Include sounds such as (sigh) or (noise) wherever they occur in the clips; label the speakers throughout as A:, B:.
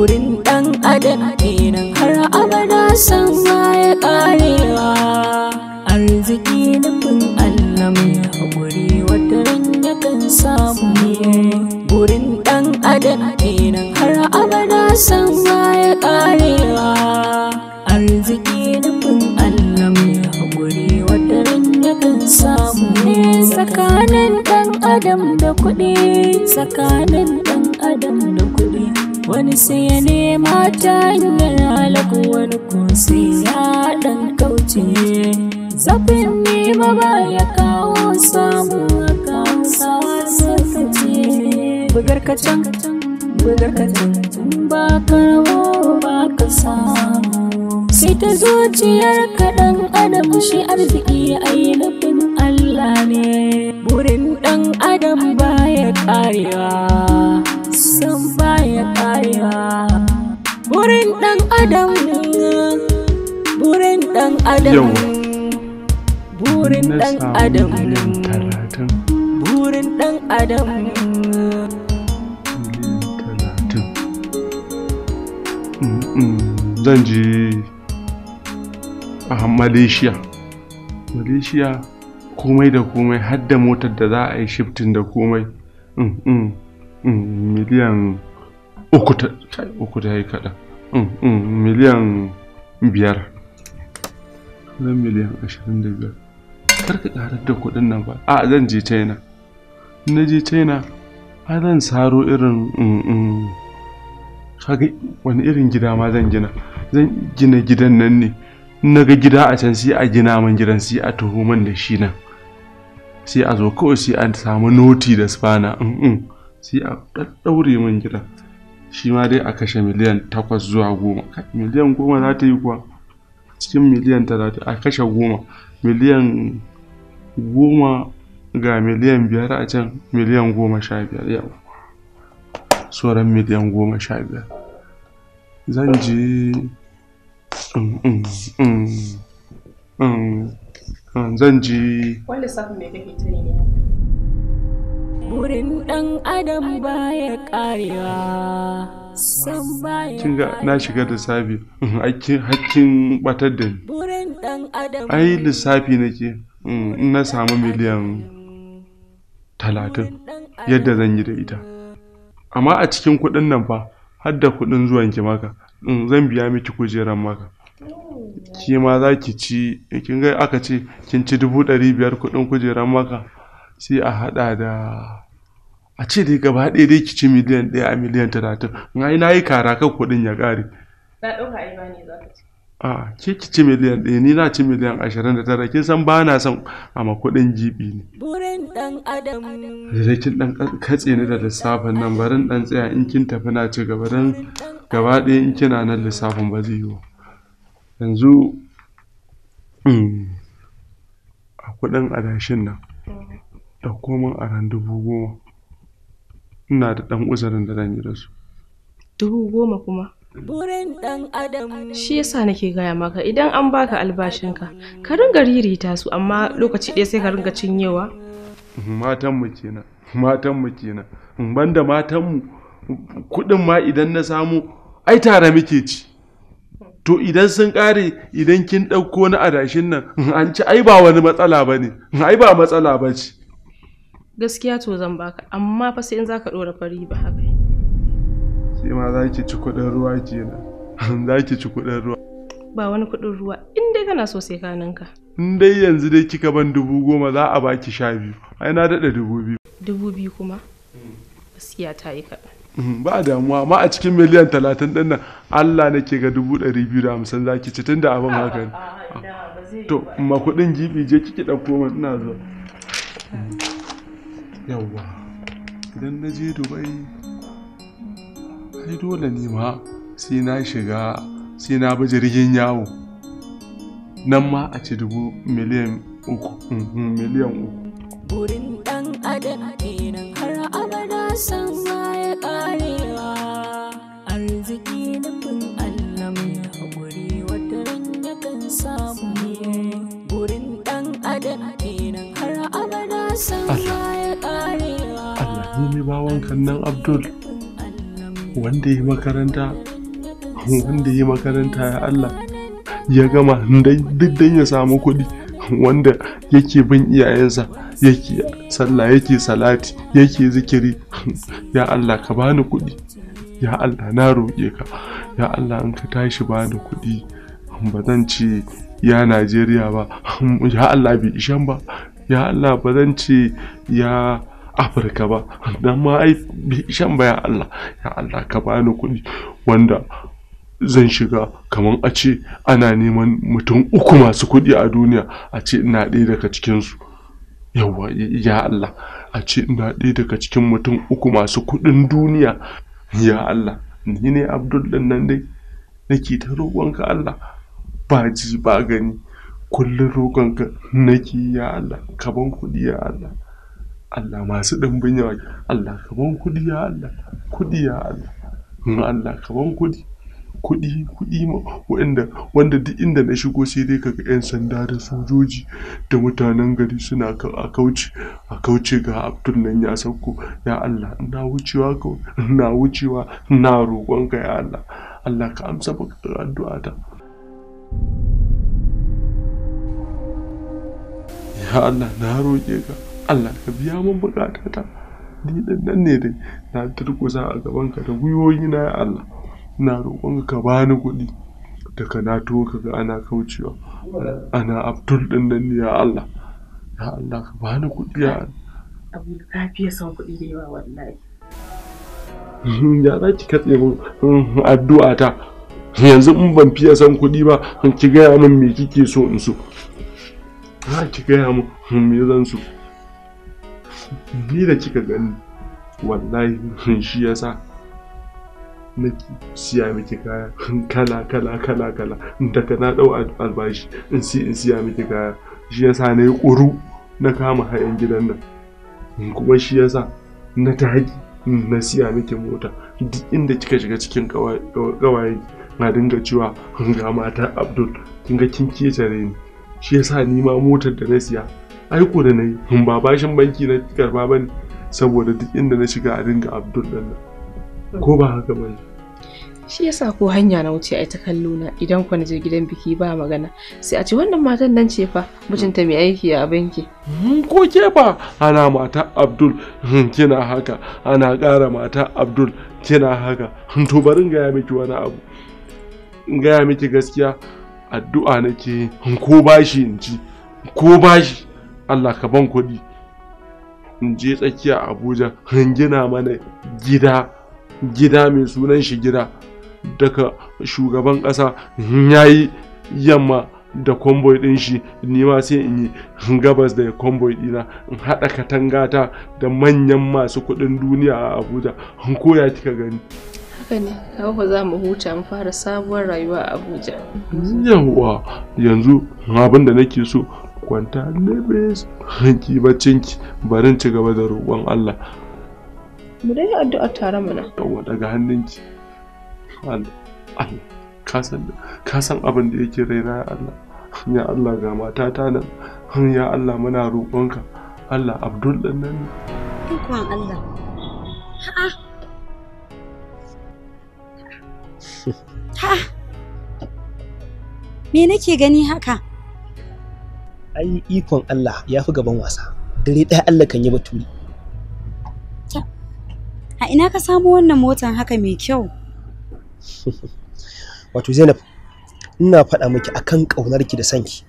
A: wurin ɗan adam kenan har abada san ma ya ƙarewa arziki nufin Allah mai haƙuri wata kan samu wurin ɗan adam kenan har abada san ma ya ƙarewa arziki nufin Allah mai haƙuri wata kan samu ne tsakanin ɗan adam da kuɗi tsakanin wani sai ya nema ta hanyar halaku wani kunsi ya dan kauce zafin nema ba ya kawo samu a kawo sawa sarkace bugar kacan bugar kacan ba kawo ba ka samu sai ta zuciyar kaɗan adam shi arziki yi nufin Allah ne burin ɗan adam ba ya ƙarewa Burin dan adam Burin dan adam Burin dan adam
B: Burin dan adam Zan je a ah, Malaysia. Malaysia komai da komai har da motar da za a yi shiftin da komai. Mm, mm. Mm, miliyan uku ta uku ta yi kaɗan mm, mm, miliyan biyar zan miliyan ashirin da biyar kar ka ƙarar da kuɗin nan ba a zan je china na je china a zan saro irin mm, kaga wani irin gida ma zan gina zan gina gidan nan ne na ga gida a can sai a gina man gidan sai a taho man da shi nan sai a zo kawai sai a samu noti da spana sai a ɗaɗɗaure man gidan shi ma dai a kashe miliyan takwas zuwa goma miliyan goma za ta yi kuwa cikin miliyan talatin a kashe goma miliyan goma ga miliyan biyar a can miliyan goma sha biyar yau sauran miliyan goma sha biyar zan je um, um, um, zan je
C: wani lissafin da kake ta ne
A: burin ɗan adam ba ya ƙarewa kin ga na shiga
B: lissafi hakkin mm, batar da ni ai lissafi nake mm, na samu miliyan talatin yadda zan yi da ita amma a cikin kuɗin nan fa har da kuɗin zuwan ki maka mm, zan biya miki kujeran maka ki ma za ki ci kin ga aka ce kin ci dubu ɗari biyar kuɗin kujerar maka sai a haɗa da a ce dai gaba ɗaya dai kici ci miliyan ɗaya a miliyan talatin na yi na yi kara kan kuɗin ya ƙare
C: na ɗauka ai ba ne za ka ci
B: a ke ki ci miliyan ɗaya ni na ci miliyan ashirin da tara kin san ba na son a ma kuɗin jibi ne
A: burin ɗan adam
B: rikin ɗan katse ni da lissafin nan barin ɗan tsaya in kin tafi na ci gaba don gaba ɗaya in kina nan lissafin ba zai yi yanzu mm, a kuɗin adashin nan mm. ɗauko min aron dubu goma ina da ɗan uzurin da zan yi da su
C: dubu goma kuma burin ɗan adam shi yasa nake gaya maka idan an baka albashinka ka ringa ririta su amma lokaci ɗaya sai ka ringa cinyewa
B: matanmu kenan matanmu kenan banda matanmu kuɗin ma idan na samu ai tare muke ci to idan sun ƙare idan kin ɗauko na adashin nan an ci ai ba wani matsala ba ne ai ba matsala ba ce
C: gaskiya to zan baka amma fa sai in zaka dora fari ba haka
B: sai ma za ki ci kuɗin ruwa kenan (laughs) za ki ci kuɗin ruwa
C: ba wani kuɗin ruwa in dai kana so sai ka ninka
B: in dai yanzu dai kika ban dubu goma za a baki sha biyu ai na daɗa dubu biyu
C: dubu biyu kuma gaskiya ta yi kaɗan
B: mm-hmm. ba damuwa amma a cikin miliyan talatin ɗin nan allah nake ga dubu ɗari biyu da hamsin za ki ci tun da abin haka ne to ma kuɗin gibi je kiki ɗauko min ina zuwa mm. yawwa idan na je dubai ai dole ne ma sai na shiga sai na bi jirgin yawo nan ma a ci dubu miliyan uku uhm, miliyan uku
A: burin dan adam kenan har abada san ma ya karewa arziki na bin allah mai haƙuri wata ran yakan samu burin dan adam kenan har Allah
B: Allah nemi bawankan nan Abdul wanda yi makaranta wanda yi makaranta ya Allah ya gama duk dan ya samu kuɗi wanda yake bin iyayensa yake sallah yake salati yake zikiri ya Allah ka bani kuɗi ya Allah na roƙe ka ya Allah in ka tashi bani kuɗi ba zan ce ya Najeriya ba ya Allah bai ishan ba ya Allah ba zan ce ya afirka ba dan ma ai shan baya Allah ya Allah ka bani kuɗi wanda zan shiga kamar a ce ana neman mutum uku masu kuɗi a duniya a ce ina ɗaya daga cikinsu yawa ya Allah a ce ina ɗaya daga cikin mutum uku masu kuɗin duniya ya Allah ni ne abdul nan dai nake ta roƙonka Allah ba ji ba gani kullum roƙonka nake ya Allah ka ban kuɗi ya Allah Allah masu ɗanbin yawa Allah ka ban kuɗi ya Allah kuɗi ya Allah in Allah ka ban kuɗi kuɗi kuɗi wanda wanda duk inda na shigo sai dai kaga yan sanda da sojoji da mutanen gari suna a kauce a kauce ga Abdul nan ya sauko ya Allah ina wucewa ka ina wucewa ina roƙonka ya Allah Allah ka amsa baka addu'a ta ya Allah na roƙe ka Allah ka biya min bukatata ni din nan ne dai na turkusa a gaban ka da guyoyi na ya Allah na roƙon ka bani kuɗi daga na to ka ga ana kaucewa ana abdul din nan ne ya Allah ya Allah ka bani kuɗi ya Allah
C: abu ka fiye son kuɗi da yawa wallahi
B: (laughs) ya za ki katse min mm, addu'a ta yanzu in ban fiye son kuɗi ba ki gaya min me kike so in so za ki gaya mu me zan so ni da kika gani wallahi (laughs) shi ya sa nake siya miki kaya kala kala kala kala daga na ɗau albashi in si in siya miki kaya shi ya sa na yi ƙuru na kama hayan gidan nan kuma shi ya sa na taji na siya miki mota duk inda kika shiga cikin ƙawaye na dinga cewa ga mata abdul kin ga kin kece ni shi yasa ni ma motar da na siya aiko da nayi in (laughs) ba bashin banki na karba bane saboda duk inda na shiga a dinga abdul din nan ko ba haka bane
C: shi yasa ko hanya na wuce ai ta kallo na idan ku na je gidan biki ba magana sai a ce wannan matan nan ce fa mijinta mai aiki a banki hmm, ko ke fa
B: ana mata abdul hmm, kina haka ana kara mata abdul kina haka (laughs) to barin gaya miki wani abu gaya miki gaskiya addu'a nake in ko bashi in ci ko bashi Allah ka ban kuɗi in je tsakiya Abuja in gina mana gida gida mai sunan shi gida daga shugaban ƙasa yayi yamma da kwamboi ɗin shi nima sai in yi gabas da kwamboi ɗina in haɗa katangata da manyan masu kuɗin duniya a abuja koya kika gani
C: haka ne ba za mu huta mu fara sabuwar rayuwa a abuja
B: yawa yanzu abin da nake so kwanta lebes hanki baccinki barin ci gaba da roƙon allah
C: mu dai addu'a tare mana
B: yawwa daga hannunki ka san abin da yake raina allah ya allah ga ta nan ya allah muna roƙonka allah abdul ɗan nan ne
D: allah ah, Ha! Me nake gani haka?
E: Ai ikon Allah ya fi gaban wasa. Dare ɗaya Allah kan yi baturi.
D: A ina ka samu wannan motan haka mai kyau?
E: (laughs) Wato Zainab, ina faɗa miki akan ƙaunarki da sanki.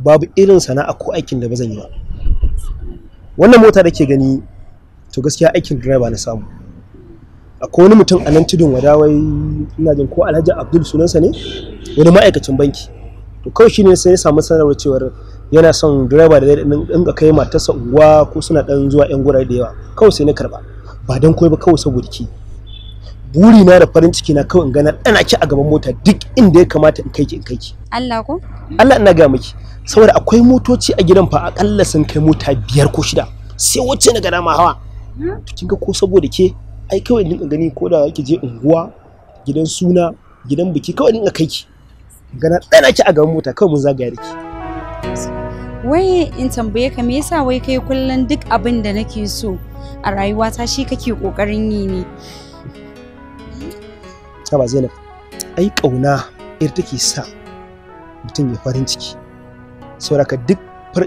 E: Babu irin sana'a ko aikin da ba zan yi ba. Wannan mota da ke gani to gaskiya aikin direba na samu. akwai wani mutum a nan tudun wadawai ina jin ko alhaji abdul sunansa ne wani ma'aikacin banki to kawai shine sai ya samu sanarwar cewar yana son direba da zai dinga kai matarsa unguwa ko suna dan zuwa yan gurare da yawa kawai sai na karba ba dan koi ba kawai saboda ki buri na da farin ciki na kawai in gana ana ki a gaban mota duk inda ya kamata in kai ki in kai ki Allah ko Allah ina ga miki saboda akwai motoci a gidan fa akalla sun kai mota biyar ko shida sai wacce na gana ma hawa hmm? to kin ga ko saboda ke ai kawai in dinka gani ko da ki je unguwa gidan suna gidan biki kawai dinka kai ki gana ɗana ki a gaban mota kawai mun zagaya da ki
D: wai in tambaye ka me yasa wai kai kullun duk abin da nake so a rayuwata shi kake kokarin yi ne
E: ba Zainab ai kauna ir take sa mutum ya farin ciki sauraka duk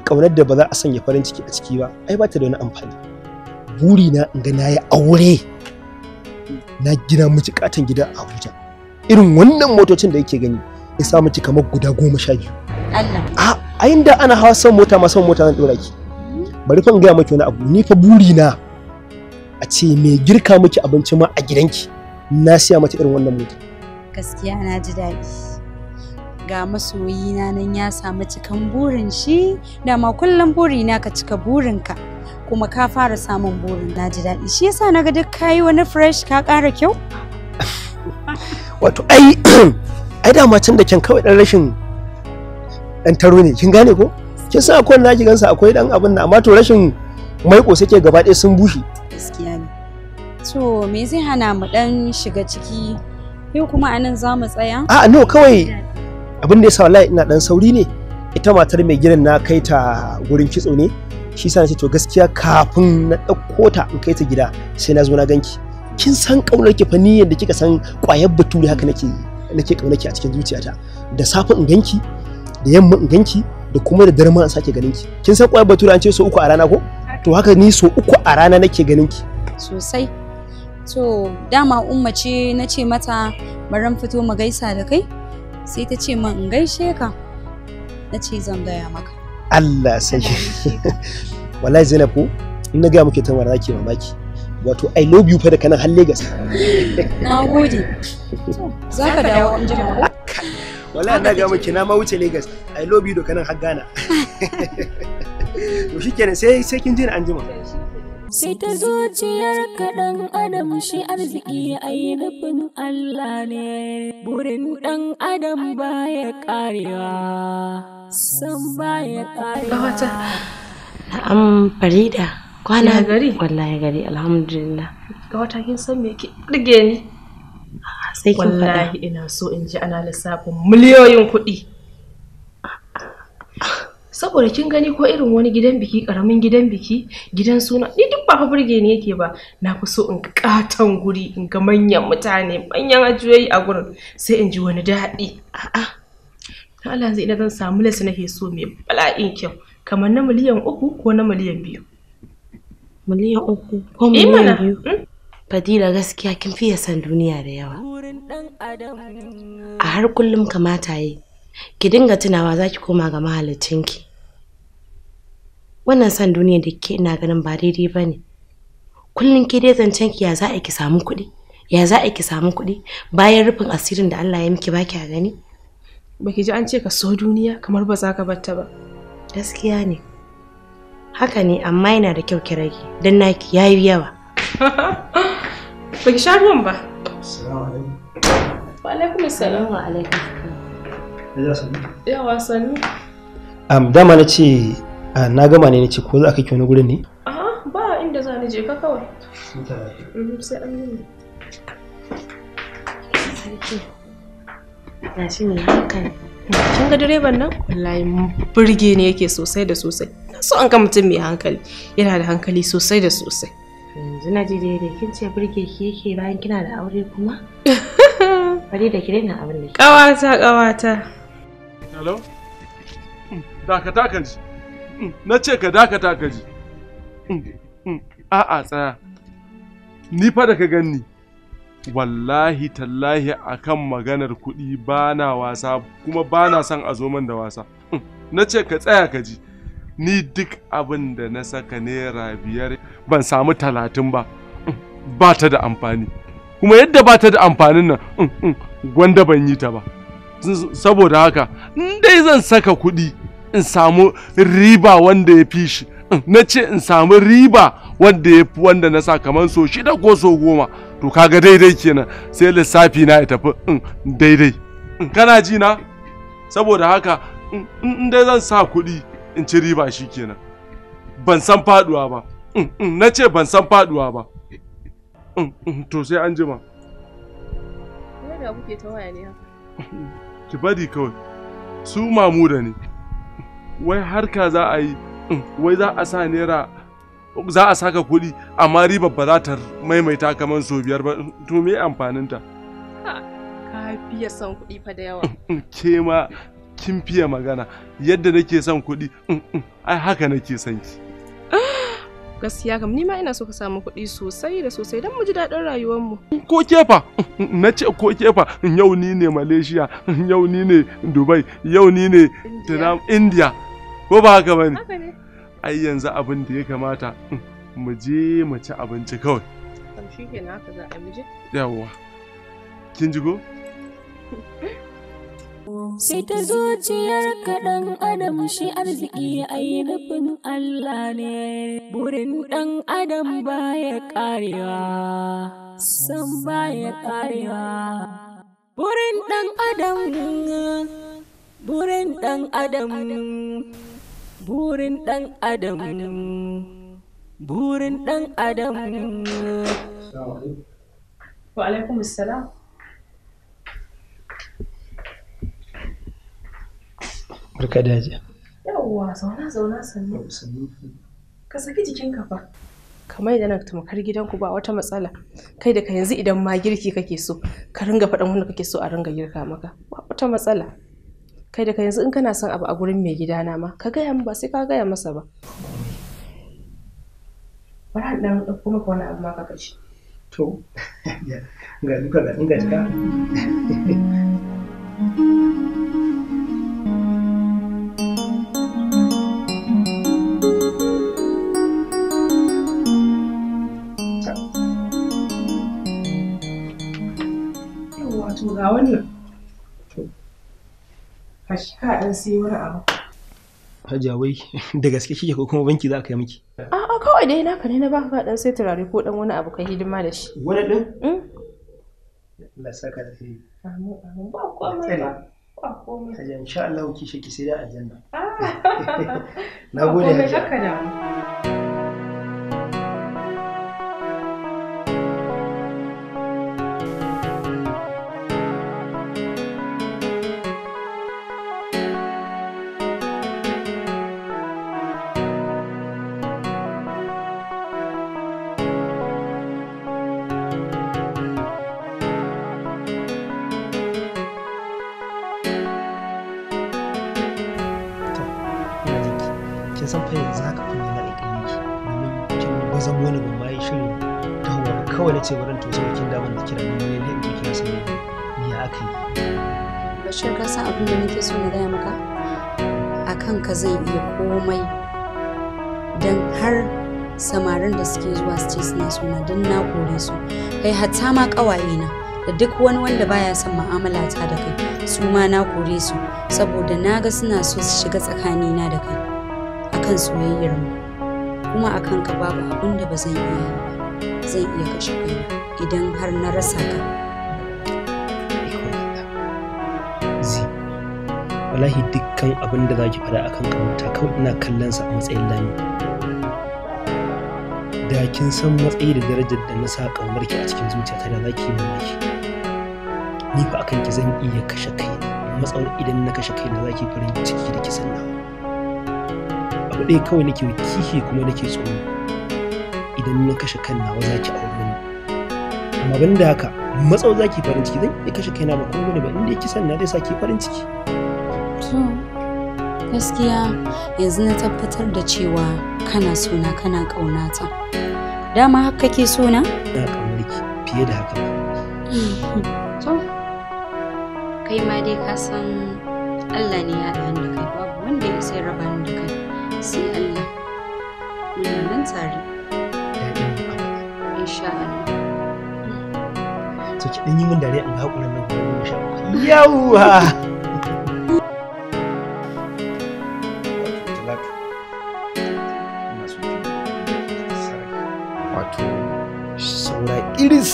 E: kaunar da ba za a sanya farin ciki a ciki ba ai ba ta da wani amfani burina in ga na yi aure na gina miki katon gida a Abuja irin wannan motocin da yake gani ya sa miki kamar guda goma sha biyu
D: Allah a
E: a inda ana hawa san mota ma son mota nan dora ki bari fa ga miki wani abu ni fa buri na a ce me girka miki abinci ma a gidanki na siya mata irin wannan mota
D: gaskiya na ji daɗi ga masoyina nan ya samu cikan burin shi dama kullum na ka cika burinka kuma ka fara samun burin daji daɗi shi yasa na ga duk kayi wani fresh ka ƙara kyau
E: wato ai (clears throat) ai da can da kin kawai dan rashin dan taro ne kin gane ko kin san akwai naki gansa akwai dan abin da amma to rashin maiko suke gaba ɗaya sun bushe
D: gaskiya ne to me zai hana mu dan shiga ciki yau kuma anan za mu tsaya
E: A'a no kawai abin da yasa wallahi ina dan sauri ne ita matar mai gidan na kai ta gurin kitso ne shi sa ce to gaskiya kafin na ɗauko ta in kai ta gida sai na zo na ganki kin san ƙaunar ki fa ni da kika san ƙwayar bature haka nake nake ƙaunar ki a cikin zuciyata da safe in ganki da yamma in ganki da kuma da dare ma in sake ganin ki kin san ƙwayar bature an ce so uku a rana ko to haka ni so uku a rana nake ganin ki
D: sosai to dama umma ce na ce mata bari fito mu gaisa da kai sai ta ce min in gaishe ka na ce zan gaya maka
E: Allah sai (laughs) wallahi Zainab ko in na ga muke tamar zaki mamaki wato I love you fa da kanan har Lagos na gode za ka dawo an jira (laughs) wallahi na ga muke na ma wuce Lagos I love you da kanan har Ghana (laughs) to shikenan sai sai kin ji an jima
A: sai ta zuciyar kaɗan adam shi arziki ainihin Allah ne burin ɗan adam ba ya ƙarewa san
C: ya ƙarewa
F: na'am farida kwana gari wallahi gari alhamdulillah
C: ga wata kin san me ke rige ni
F: sai kin wallahi
C: ina so in ji ana lissafin miliyoyin kuɗi saboda kin gani ko irin wani gidan biki karamin gidan biki gidan suna ni duk ba fa burge ne yake ba na fi so in katan guri in ga manyan mutane manyan ajiyoyi a gurin sai in ji wani daɗi a'a ta Allah zai zan samu lasa nake so mai bala'in kyau kamar na miliyan uku ko na miliyan biyu miliyan
F: uku ko eh miliyan biyu hmm? Fadila gaskiya kin fiye san duniya da yawa. A har kullum kamata yi, ki dinga tunawa zaki koma ga mahalicinki. wannan san duniyar da ke ina ganin ba daidai ba ne kullum ke dai zancen ki ya za a ki samu kuɗi ya za a ki samu kuɗi bayan rufin asirin da Allah ya miki baki a gani baki ji an ce ka so duniya kamar ba za ka batta ba gaskiya ne haka ne amma yana da kyau kirage don naki yayi yawa
C: (laughs) baki sha ruwan ba
A: assalamu
C: alaikum wa alaikum assalam wa alaikum yawa sannu
E: um dama na ce Ah, na gama ne ce ko za ka wani gurin ne?
C: A'a ba inda za ni je ka kawai. Mhm, sai an yi Na shi ne hankali. Kin ga direban nan? Wallahi burge ne yake sosai da sosai. Na so an ga mutum mai hankali. Yana da hankali sosai da sosai.
F: Yanzu na ji daidai kin ce burge ki yake bayan kina da aure kuma? (laughs) Bari da ki daina abin da ke.
C: Kawata kawata.
B: Hello? Dakata kan ji. na ce ka dakata ka ji a'a tsaya ni fa da ka ganni wallahi tallahi akan maganar kuɗi ba na wasa kuma ba na son a zo man da wasa na ce ka tsaya ka ji ni duk abin da na saka naira biyar ban samu talatin ba ba ta da amfani kuma yadda ba ta da amfanin nan gwanda ban yi ta ba saboda haka indai dai zan saka kuɗi in samu riba wanda ya fi shi mm, na ce in samu riba wanda ya fi wanda na sa kamar so shida ko so goma to kaga daidai kenan sai lissafi na ya tafi mm, daidai mm, kana ji na saboda haka in dai zan sa kuɗi in ci riba shi kenan ban san faduwa ba na ce ban san faduwa ba to sai an jima
C: (laughs)
B: ki bari kawai su mamu da ne wai harka za a yi mm, wai za a sa naira za a saka kuɗi amma ribar ba za ta maimaita kamar so biyar ba mm, to me amfaninta
C: ka fiye son kuɗi fa da yawa
B: mm, ke ma kin fiye magana yadda nake son kuɗi ai haka nake son ki
C: (gasps) gaskiya kam ni ma ina so ka samu kuɗi sosai da sosai don mu ji daɗin rayuwarmu.
B: Ko kefa, na ce ko kefa, yau ni ne Malaysia, yau ni ne Dubai, yau ni ne India. ko ba haka bane ai yanzu abin da ya kamata mm, mu je mu ci abinci kawai
C: shi haka za a
B: yawa kin ji go
C: sai ta zuciyar kaɗan adam
A: shi arziki ai nufin Allah ne burin ɗan adam ba ya ƙarewa san ya ƙarewa burin ɗan adam burin ɗan adam burin dan adam burin dan
C: adam wa alaikum assalam barka da ji yawwa zauna zauna sannu ka saki jikin Ka fa kamar yadda na tamakar gidanku ba wata matsala kai da ka yanzu idan ma girki kake so ka ringa faɗan wanda kake so a ringa girka maka ba wata matsala kai da kai yanzu in kana son abu a gurin mai gidana ma ka gaya min ba sai ka gaya masa ba (laughs)
E: (laughs)
C: kashi dan sai wani abu
E: Hajiya wai da gaske kike ko kuma banki za ka kai miki?
C: A'a kawai dai naka ne na baka ka dan sai turare ko dan wani abu ka hidima da shi. Wani din?
E: Hmm? saka da shi. ba komai ba.
C: Ba komai. Hajiya
E: insha Allah ki shi ki sai da aljanna. Ah.
A: (laughs) Na gode Hajiya. Ba
C: komai haka da mu.
E: san fa yanzu haka kun yana da ƙinji domin kin gwazon wani ban ma shirin ta hawa kawai na ce wurin to sai kin damar da kira mun ne ne da kira sai ya aka
A: yi
D: bashir ka san abin da nake so na gaya maka a ka zai iya komai don har samarin da suke zuwa su ce suna suna don na kore su kai hatta ma kawaye na da duk wani wanda baya son mu'amala ta da kai su ma na kore su saboda na ga suna so su shiga tsakanina da kai kan soyayyar mu kuma akan ka babu abin da ba zan iya yi ba zan iya kashe kaina idan har na rasa ka
E: wallahi dukkan abin da zaki fada akan kamata kawai ina kallon sa a matsayin lami da kin san matsayi da darajar da na sa kamar ki a cikin zuciyata da zaki mamaki ni fa akan ki zan iya kashe kai matsawar idan na kashe kai na zaki farin ciki da kisan nawa Kuma dai kawai nake kihi kuma nake tsoro idan na kashe kan nawa za ki aure ni amma ban da haka matsau za ki farin ciki zan iya kashe kaina ba kuma wani ba inda ya kisan na zai sa ki farin ciki.
D: to gaskiya yanzu na tabbatar da cewa kana sona kana ƙaunata dama haka kake suna? na
E: ƙaunar ki fiye da haka
D: (laughs) to kai ma dai ka san Allah ne ya da kai babu wanda ya sai raba sai Allah muna nan tare insha Allah
E: to ki dan yi min dare in ga hakurin nan kuma insha Allah yawa
G: wato saura iris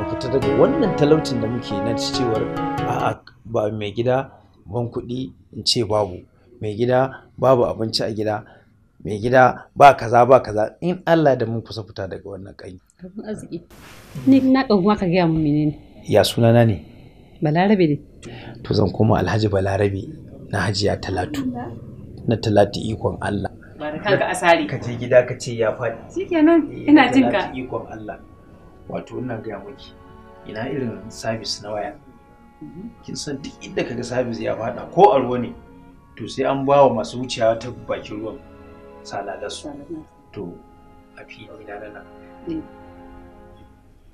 G: ba fita daga wannan talautin da muke nan cewar a'a ba mai gida ban kuɗi in ce babu mai gida babu abinci a gida mai gida ba kaza ba kaza in Allah da mun kusa fita daga wannan kanyi
C: abin arziki ni na kuma ka gaya mun menene
G: ya sunana ne balarabe ne to zan koma alhaji balarabe na hajiya talatu na talatu ikon Allah kanka asari ka je gida ka ce ya faɗi
C: shikenan eh,
G: ina jin ka ikon Allah wato ina gaya miki ina irin sabis na waya mhm. kin san duk inda kaga sabis ya faɗa ko a ruwa ne to sai an ba wa masu wuciya ta bakin ruwan su to a fi na nan mm.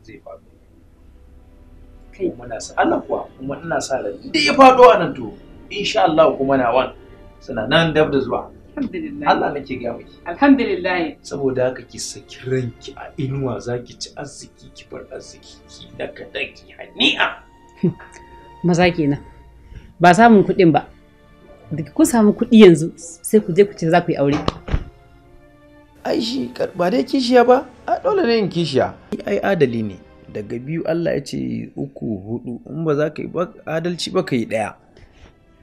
G: zai faɗo kuma sa Allah kuwa kuma ina sa da da ya faɗo a nan to insha Allah kuma na wan suna nan dab da zuwa Allah nake ga miki
C: alhamdulillah
G: saboda haka ki saki ranki a inuwa zaki ci arziki ki bar arziki ki daka daki hani'a
C: (laughs) maza kenan ba samun kuɗin ba daga kun samu kuɗi yanzu sai ku je ku ce za ku yi aure
G: ai ba dai kishiya ba a dole ne yin kishiya ai adali ne daga biyu Allah ya ce uku hudu in ba za ka yi adalci ba ka yi ɗaya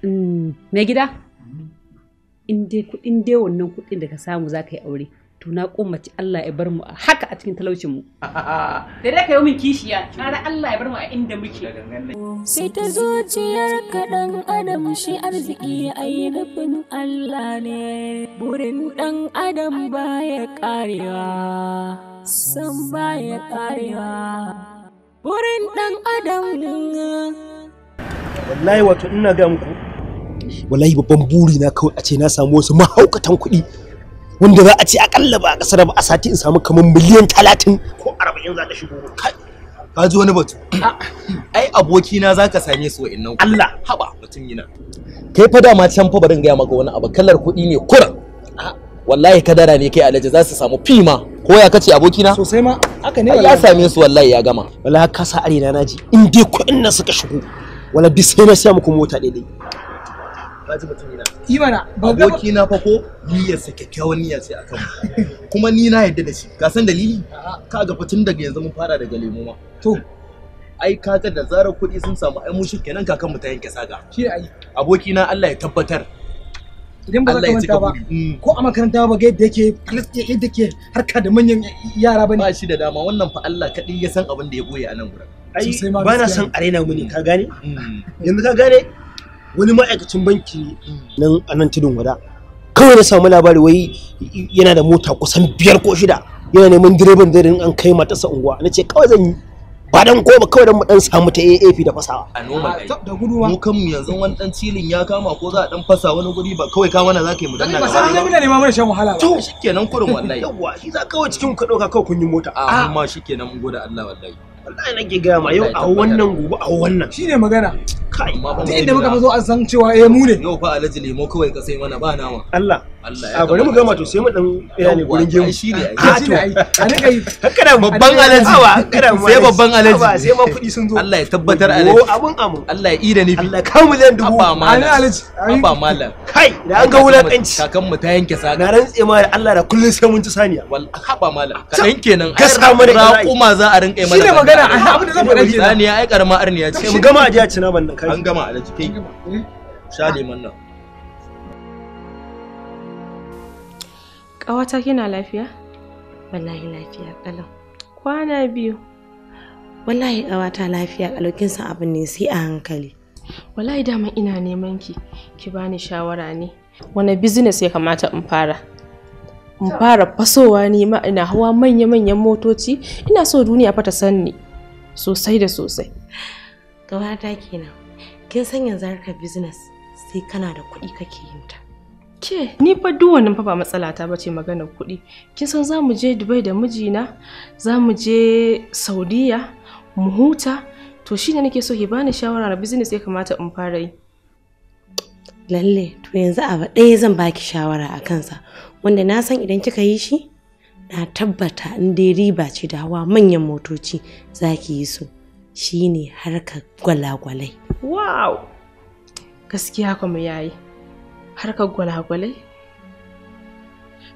C: mm, mai gida mm. in dai kuɗin dai wannan kuɗin da ka samu za ka yi aure to na kummaci Allah ya bar mu a haka a cikin talaucin mu da
A: dai ka yi min kishiya kara Allah ya bar mu a inda muke sai ta zuciyar kaɗan adam shi arziki ai nufin Allah ne burin ɗan adam baya karewa san baya karewa burin ɗan adam
E: wallahi wato ina ga muku wallahi babban buri na kawai a ce na samu wasu mahaukatan kuɗi wanda za a ce akalla ba a kasar ba a sati in samu kamar miliyan talatin
H: ko arba'in za ta shigo
E: ka ji wani batu ai abokina
H: za ka same su wa'innan Allah haba mutum yana kai fa dama can fa barin gaya maka wani abu kallar kuɗi ne kura. wallahi kadara ne kai alhaji za su samu fima ko ya kace abokina sosai ma haka ne ya same su wallahi ya gama wallahi ka sa arena naji
E: in dai kuɗin nan suka shigo wala bisai sai na sha muku mota daidai.
H: ka ji mutum ina imana aboki na fa ko niyyar sa kyakkyawan niyya ce akan mu kuma ni na yadda da shi ka san dalili ka ga tun daga yanzu mun fara daga lemo ma to ai ka ga da zarar kuɗi sun samu ai mu kenan kakan mu ta yanke saga shi ai aboki na Allah ya tabbatar idan ba za ka manta ba mm. ko a makaranta ba ga yadda yake yadda yake harka da manyan yara ba ne. ba shi da dama wannan fa Allah kaɗai ya san abin da ya boye a nan gurin ai ba na son arena mu ne
E: ka gane mm. yanzu ka gane wani ma'aikacin banki hmm. nan a nan tudun wada kawai na samu labari wai yana da mota kusan biyar ko shida yana neman direban rin an kai matasa unguwa na ce kawai zan yi ba dan ko ba kawai dan mu dan samu ta AAP da fasawa
H: a noma ah, kai da guduwa mu kan mu yanzu wani dan cilin ya kama ko za a dan fasa wani guri ba kawai ka mana zaka yi mu danna ba sai ne
E: ma mana shan wahala ba to shikenan kurin wallahi (laughs) yawa shi za kawai cikin ku dauka kawai kun yi mota a ah, ah.
H: amma shikenan mun gode Allah wallahi
E: wallahi nake ga ma yau a wannan gobe a wannan
H: shine magana kai inda muka zo an san cewa eh mu ne yau fa alhaji lemo kawai ka sai mana ba
E: nama Allah Allah ya ah, bari mu gama to sai mu dan ya ne gurin gemu shi ne a ah, ah, to a ne (laughs) kai kada babban alhaji sai babban alhaji sai ma
H: kudi sun zo Allah ya tabbatar alhaji abun
E: amu Allah ya ida ni Allah ka mu zan dubu A malam alhaji ba malam kai da an ga wulakanci
H: kakan mu ta yanke sa na rantse ma Allah da kullun sai mun ci saniya wallahi haba malam kadan kenan gaskiya mu da kuma za a rinka yi mana shi ne magana abin da zan faɗa saniya ai karma arniya ce mu gama a an gama alaji kai eh? sha neman nan
C: ƙawata kina lafiya wallahi lafiya ƙalau kwana biyu
F: wallahi ƙawata lafiya ƙalau kin abin ne
C: sai a hankali wallahi dama ina neman ki ki bani shawara ne wani business ya kamata in fara in fara fasowa ne ina hawa manya-manyan motoci ina so duniya fa ta san ni sosai da sosai
F: gabata kenan kin san yanzu harkar business sai kana da kuɗi kake yin ta
C: ke ni fa duk wannan fa ba matsala ta bace maganar kuɗi kin san za mu je Dubai da mijina za mu je Saudiya mu huta to shine nake so ki bani shawara na business ya kamata in fara yi lalle to
F: yanzu abu ɗaya zan baki shawara a kansa wanda na san idan kika yi shi na tabbata in dai riba ce da hawa manyan motoci za ki yi su Shi ne harkar gwalagwalai.
C: Wow! Gaskiya kuma yayi. Harkar gwalagwalai?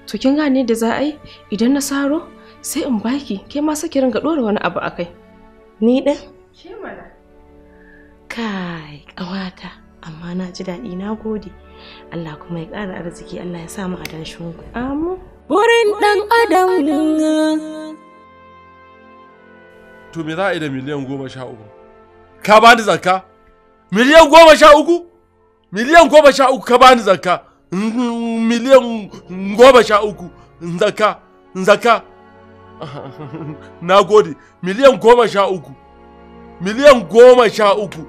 C: To kin gane da za a yi idan na saro sai in baki ke ma saki ga ɗora wani abu a kai. Ni ɗin? Ke mana.
F: Kai, ƙawata, amma na ji daɗi na gode. Allah kuma ya ƙara arziki Allah ya sa mu a dan shunku.
B: Amu. Wurin ɗan adam to me za a yi da miliyan goma sha uku ka bani zakka miliyan goma sha uku miliyan goma sha uku ka bani zakka miliyan goma sha uku zakka zakka (laughs) na gode miliyan goma sha uku miliyan goma sha uku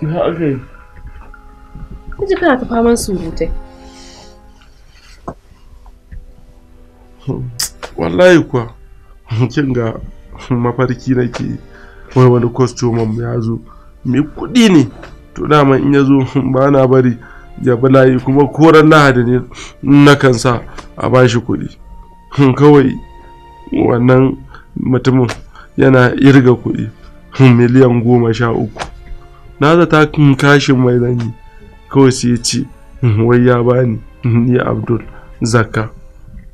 B: na
C: kana ta faman surutai
B: (laughs) wallahi kuwa (laughs) kin ga mafarki nake wai wani kwastoman ya zo mai kuɗi ne to dama in ya zo (laughs) ba na bari ya layi." kuma koren lahadi ne na kansa a ba shi kuɗi (laughs) kawai wannan mutumin yana irga kuɗi miliyan goma sha uku na zata kashin mai zanyi kawai sai ya ce wai ya bani ni abdul zakka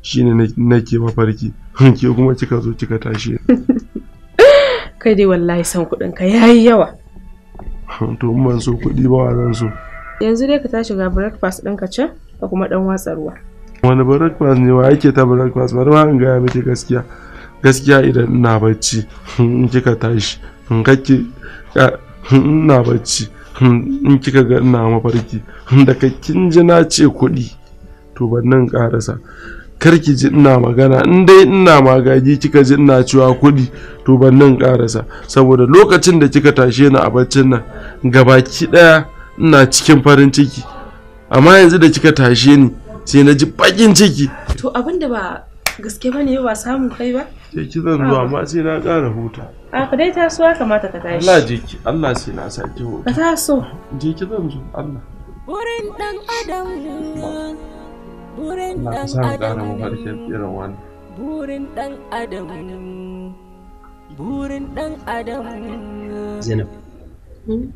B: shine nake mafarki (laughs) ke kuma kika zo kika tashi
C: (laughs) kai dai wallahi san kudin ka yayi yawa
B: (laughs) to in ban so kuɗi ba zan so
C: yanzu dai ka tashi ga breakfast ɗin ka can ka kuma ɗan watsa ruwa
B: wani breakfast ne wa yake ta breakfast bari ma in gaya miki gaskiya gaskiya idan ina bacci in kika tashi in kake ina bacci in kika ga ina mafarki da kakin jina na ce kuɗi to ban karasa karki ji ina magana in dai ina magaji kika ji ina cewa kuɗi to ban nan karasa saboda lokacin da kika tashe ni a baccin nan gabaki ɗaya ina cikin farin ciki amma yanzu da kika tashe ni sai na ji bakin ciki
C: to abin da ba gaske bane ba samun kai ba
B: ke ki zan zuwa amma sai na ƙara huta
C: a ka dai tasowa kamata ka tashi Allah
B: je ki Allah sai na saki huta ka taso je ki zan zo Allah
C: wurin dan adam
B: burin dan adam
A: burin dan adam burin dan adam zainab hmm?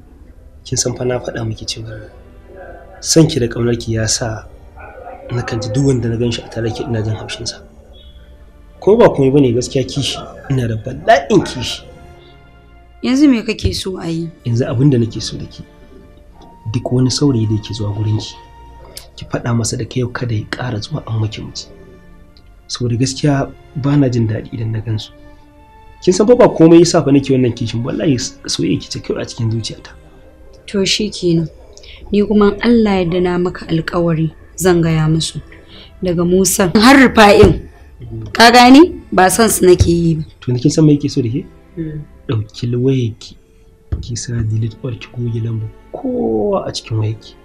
E: kin san fa na faɗa miki cewa son ki da ƙaunar ki ya sa na kan ji duk wanda na gan shi a tare ki ina jin haushin sa ko ba komai bane gaskiya kishi ina da bala'in kishi
D: yanzu me kake so a yi
E: yanzu abinda da nake so da ki duk wani saurayi da yake zuwa gurin ki ki faɗa masa da kai kada ya ƙara zuwa an maki miji saboda gaskiya ba na jin daɗi idan na gansu kin san fa ba komai yasa fa nake wannan kishin wallahi soyayya ki ta kyau a cikin zuciyata
D: to shi kenan, ni kuma Allah ya dana maka alƙawari zan gaya musu daga Musa
E: har rufa'in ka gani ba san su nake yi ba to kin san me yake so da ke hmm. ɗauki wayarki ki sa delete barki ki goge lambar kowa a cikin wayarki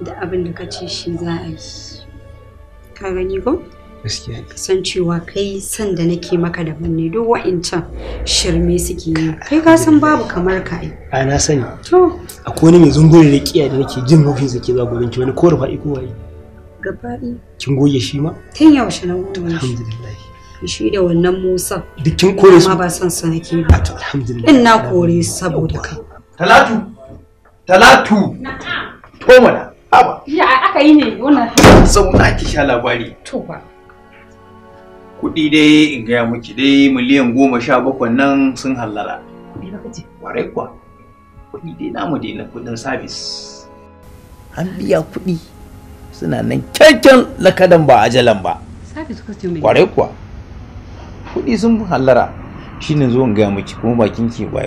D: da abin da ka ce shi za a yi ka gani ko gaskiya san cewa kai san da nake maka da ne duk wa'incan shirme suke yi kai ka san babu kamar ka ai a na sani to
E: akwai wani mai zumburi da kiya da nake jin rufin zake ke gurin ki wani ko fa'i iko wai gabaɗi kin goge shi ma
D: tun yaushe na goge
E: alhamdulillah
D: shi da wannan Musa duk kin kore su ba san sa nake ba to alhamdulillah in na kore saboda kai talatu talatu to mala haka yi ne wannan
G: na ki sha labari to ba kuɗi dai in gaya miki dai miliyan goma sha bakwai nan sun hallara ware kuwa kuɗi dai namu dai na kuɗin sabis an biya kuɗi suna nan kyakkyan lakadan ba ajalan ba ware kuwa kuɗi sun hallara shine zo in gaya miki kuma bakin ki ba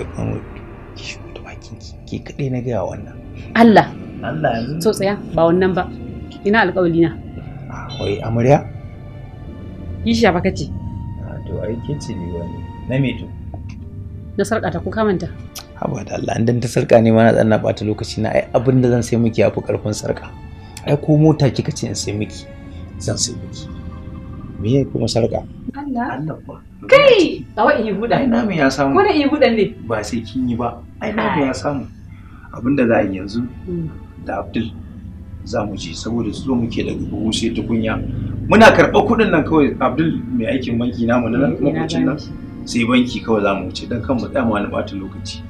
G: ki shigo da bakin ki ki kadai na gaya wannan
C: Allah Allah yanzu to tsaya ba wannan ba ina alƙawali na wai amarya kishiya baka ce
G: to ai ke ce ne wani na me to
C: na sarka ta ku kamanta
G: haba da Allah dan ta sarƙa ne ma na tsanna bata lokaci na ai abin da zan sai miki yafi karfin sarƙa ai ko mota kika ce in sai miki zan sai miki me kuma sarƙa
D: Allah Allah kai
C: tawa iya buɗa ai me ya samu ko da iya buɗan ne
G: ba sai kin yi ba ai namu ya samu abinda za a yi yanzu hmm. da Abdul za mu je saboda su muke daga buhu sai tukunya muna karɓar kuɗin nan kawai abdul mai aikin banki namu na makwacin nan sai banki kawai za mu wuce don kan mu dama wani ɓata lokaci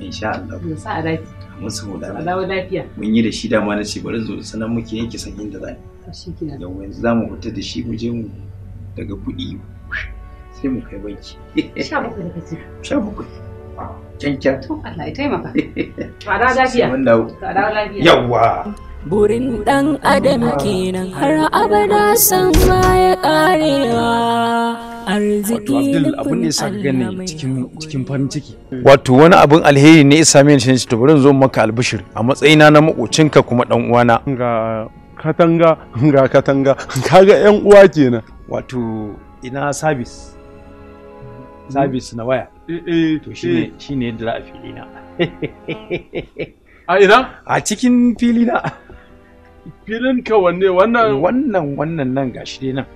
C: insha Allah mu sa a
G: dafi mun
C: saboda lafiya
G: mun yi da shi dama na ce bari zo sanan muke yanke sanyin da zai yau yanzu za mu fita da shi mu je mu daga kuɗi sai mu kai
A: banki sha bakwai da kace sha bakwai kyankyan Allah ya taimaka to lafiya mun lafiya yawwa burin dan adam kenan har abada san ma ya karewa arziki Abdul abin ne ya saka
G: cikin cikin farin ciki wato wani abin alheri ne ya same ni shi to bari zo maka albishir a matsayina na makocinka kuma dan uwana ga katanga ga katanga kaga yan uwa kenan wato ina service
B: service na waya
G: eh, eh, to shine eh. shine yadda za a fili na a ina a cikin fili na filin ka wanne wannan wannan wannan nan gashi dai nan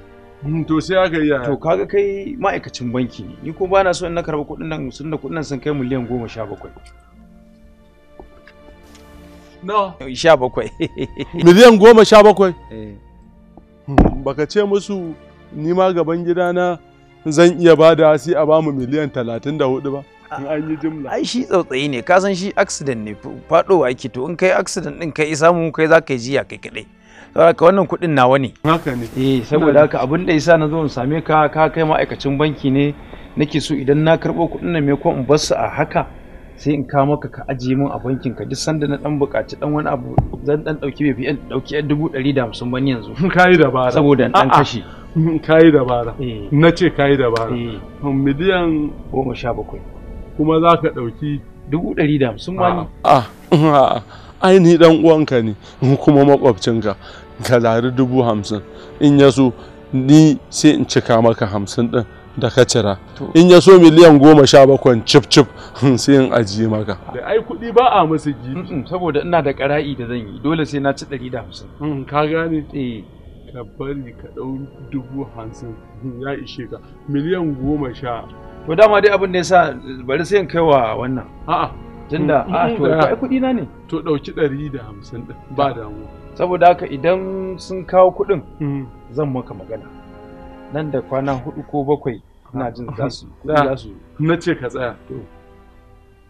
G: mm, to sai aka yi to kaga kai ma'aikacin banki ne ni ko ba na so in na karɓi kuɗin nan sun da kuɗin nan sun kai miliyan goma sha bakwai
B: no sha bakwai (laughs) miliyan goma sha bakwai eh. hmm, baka ce musu ni ma gaban gidana zan iya bada sai a bamu miliyan talatin da hudu ba Ah. an yi jumla ai shi tsautsayi ne ka san shi accident
G: ne faɗowa yake to in kai accident din kai samu kai za ka yi jiya kai kadai saboda ka wannan kuɗin nawa ne haka ne eh saboda haka abin da yasa na zo in same ka ka kai ma'aikacin banki ne nake so idan na karɓo kuɗin nan me ko in bar su a haka sai in kawo maka ka ajiye min a bankin ka duk sanda na dan buƙaci dan wani abu zan dan dauki bai fi yan dauki yan dubu ɗari da hamsin ba ni yanzu
B: kayi dabara saboda dan kashi kayi dabara eh. na ce kayi dabara eh. miliyan goma sha bakwai kuma za ka ɗauki dubu ɗari da hamsin ma ni. Ah, ah, ah, aini dan uwanka ne kuma makwabcinka ka zari dubu hamsin in ya so ni sai in cika maka hamsin din da ka cira in ya so miliyan goma sha bakwai cip-cip (laughs) sai in ajiye maka da ai kuɗi ba a
G: masa gibi mm, mm, saboda ina da ƙara'i da zan yi dole sai na ci ɗari da hamsin mm, ka gane eh
B: ka bari ka ɗau dubu hamsin ya ishe ka miliyan goma sha
G: to dama dai abin da sa bari sai in kai wa wannan a'a tunda mm, a ah, mm, to kai mm,
B: kudi na ne to ɗauki ɗari da hamsin ɗin ba
G: damuwa saboda haka idan sun kawo kuɗin zan maka magana nan da kwana hudu ko bakwai ina jin za su
B: (laughs) za su na ce ka tsaya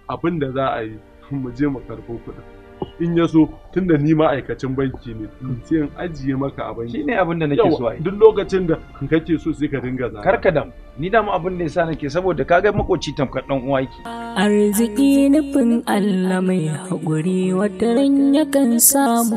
B: abin da za a yi mu je mu karɓo kuɗin in ya so tunda ni ma'aikacin banki ne sai in ajiye maka a banki shine abin da nake so ai duk lokacin da kake so sai ka dinga zaka karka dam ni da mu abin da
G: yasa nake saboda kaga makoci tamkar dan uwa yake
A: arziki nufin Allah mai haƙuri wata ran yakan samu